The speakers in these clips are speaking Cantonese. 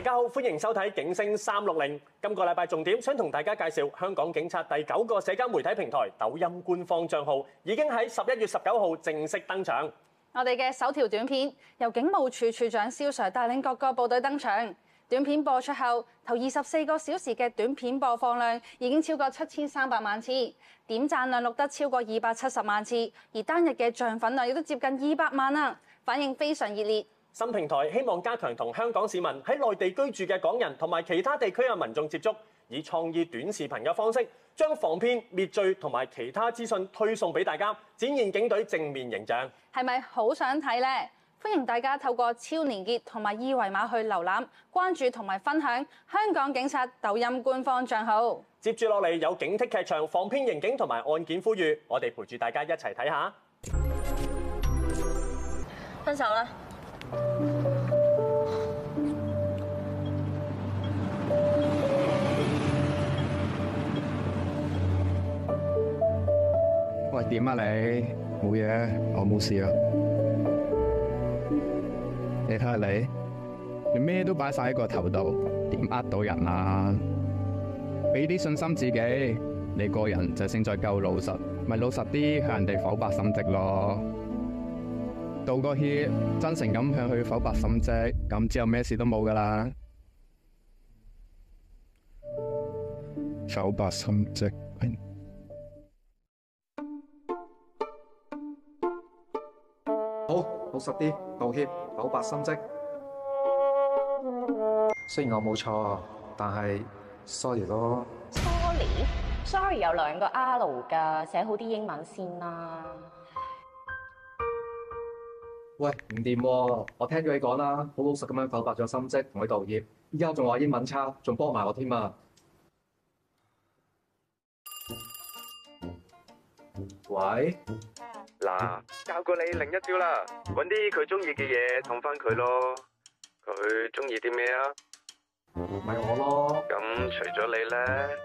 大家好，歡迎收睇《警聲三六零》。今個禮拜重點，想同大家介紹香港警察第九個社交媒體平台——抖音官方帳號，已經喺十一月十九號正式登場。我哋嘅首條短片由警務處處長蕭 Sir 帶領各個部隊登場。短片播出後，頭二十四個小時嘅短片播放量已經超過七千三百萬次，點讚量錄得超過二百七十萬次，而單日嘅漲粉量亦都接近二百萬喇，反應非常熱烈。新平台希望加強同香港市民喺內地居住嘅港人同埋其他地區嘅民眾接觸，以創意短視頻嘅方式，將防騙滅罪同埋其他資訊推送俾大家，展現警隊正面形象。係咪好想睇呢？歡迎大家透過超連結同埋二維碼去瀏覽、關注同埋分享香港警察抖音官方帳號。接住落嚟有警惕劇場、防騙刑警同埋案件呼籲，我哋陪住大家一齊睇下。分手啦！點啊你冇嘢？我冇事啊！你睇下你，你咩都擺晒喺個頭度，點呃到人啊？俾啲信心自己，你個人就先再夠老實，咪老實啲向人哋剖白心跡咯。道個歉，真誠咁向佢剖白心跡，咁之後咩事都冇噶啦。剖白心跡。好，老實啲，道歉，剖白心跡。雖然我冇錯，但係，sorry 咯。Sorry，sorry Sorry，有兩個 L 噶，寫好啲英文先啦。喂，唔掂喎，我聽咗你講啦，好老實咁樣剖白咗心跡，同你道歉，依家仲話英文差，仲幫埋我添啊。喂？嗱，教過你另一招啦，搵啲佢中意嘅嘢氹翻佢咯。佢中意啲咩啊？咪我咯，咁除咗你咧，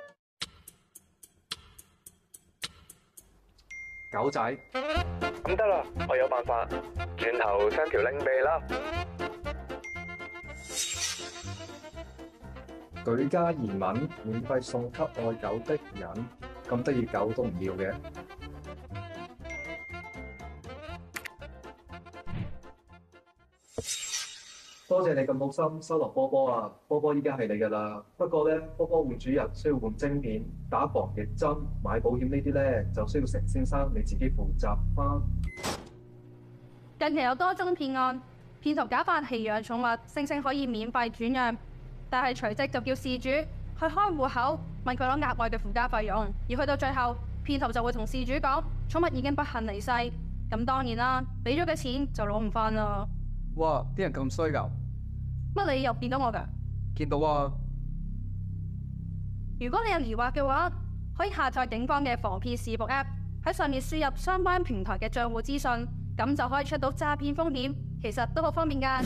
狗仔咁得啦，我有辦法，轉頭 send 條 link 俾啦。舉家移民，免費送給愛狗的人，咁得意狗都唔要嘅。多謝你咁好心收留波波啊！波波依家係你噶啦。不過呢，波波換主人需要換晶片、打防疫針、買保險呢啲呢，就需要成先生你自己負責翻啊。近期有多宗騙案，騙徒假扮棄養寵物，聲稱可以免費轉讓，但係隨即就叫事主去開戶口，問佢攞額外嘅附加費用，而去到最後，騙徒就會同事主講寵物已經不幸離世，咁當然啦，俾咗嘅錢就攞唔翻啦。哇！啲人咁衰噶，乜你又見到我噶？見到啊！如果你有疑惑嘅話，可以下載警方嘅防騙視伏 app，喺上面輸入相關平台嘅賬戶資訊，咁就可以出到詐騙風險，其實都好方便噶。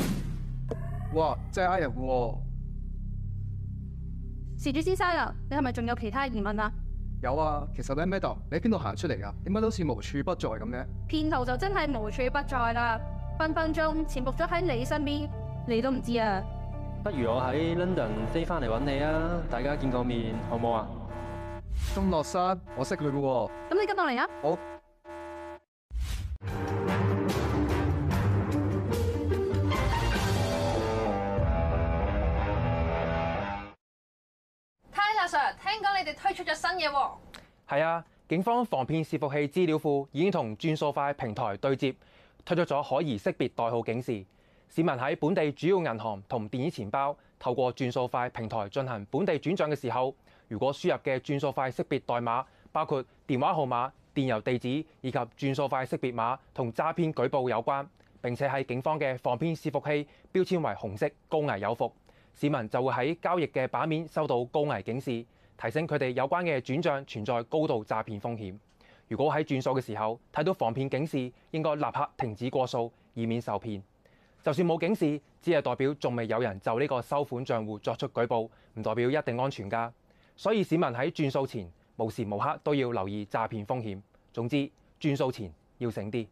哇！真係呃人事、啊、主先生，啊，你係咪仲有其他疑問啊？有啊，其實 Madam，你喺咩度？你喺邊度行出嚟噶？點解都好似無處不在咁嘅？騙徒就真係無處不在啦。分分鐘潛伏咗喺你身邊，你都唔知啊！不如我喺 London 飛翻嚟揾你啊！大家見個面好唔好啊？鍾樂山，我識佢嘅喎。咁你跟落嚟啊！好我。泰達 Sir，聽講你哋推出咗新嘢喎。係啊，警方防騙伺服器資料庫已經同轉數快平台對接。推出咗可疑識別代號警示，市民喺本地主要銀行同電子錢包透過轉數快平台進行本地轉賬嘅時候，如果輸入嘅轉數快識別代碼包括電話號碼、電郵地址以及轉數快識別碼同詐騙舉報有關，並且喺警方嘅防騙視伺服器標籤為紅色「高危有伏」，市民就會喺交易嘅版面收到高危警示，提醒佢哋有關嘅轉賬存在高度詐騙風險。如果喺轉數嘅時候睇到防騙警示，應該立刻停止過數，以免受騙。就算冇警示，只係代表仲未有人就呢個收款賬戶作出舉報，唔代表一定安全㗎。所以市民喺轉數前，無時無刻都要留意詐騙風險。總之，轉數前要醒啲。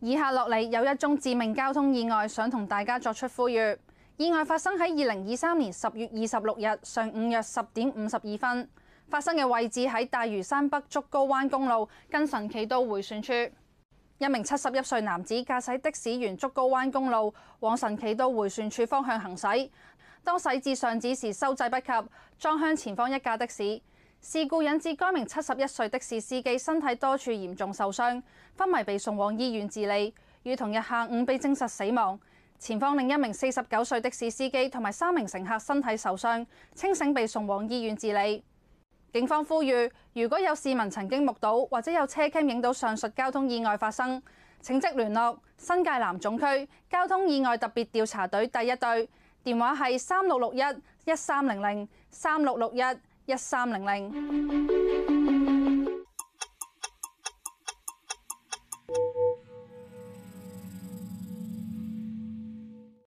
以下落嚟，有一宗致命交通意外，想同大家作出呼籲。意外發生喺二零二三年十月二十六日上午約十點五十二分，發生嘅位置喺大嶼山北竹篙灣公路近神奇道迴旋處。一名七十一歲男子駕駛的士沿竹篙灣公路往神奇道迴旋處方向行駛，當駛至上址時收掣不及，撞向前方一架的士。事故引致該名七十一歲的士司機身體多處嚴重受傷，昏迷被送往醫院治理，於同日下午被證實死亡。前方另一名四十九歲的士司機同埋三名乘客身體受傷，清醒被送往醫院治理。警方呼籲，如果有市民曾經目睹或者有車 cam 影到上述交通意外發生，請即聯絡新界南總區交通意外特別調查隊第一隊，電話係三六六一一三零零三六六一一三零零。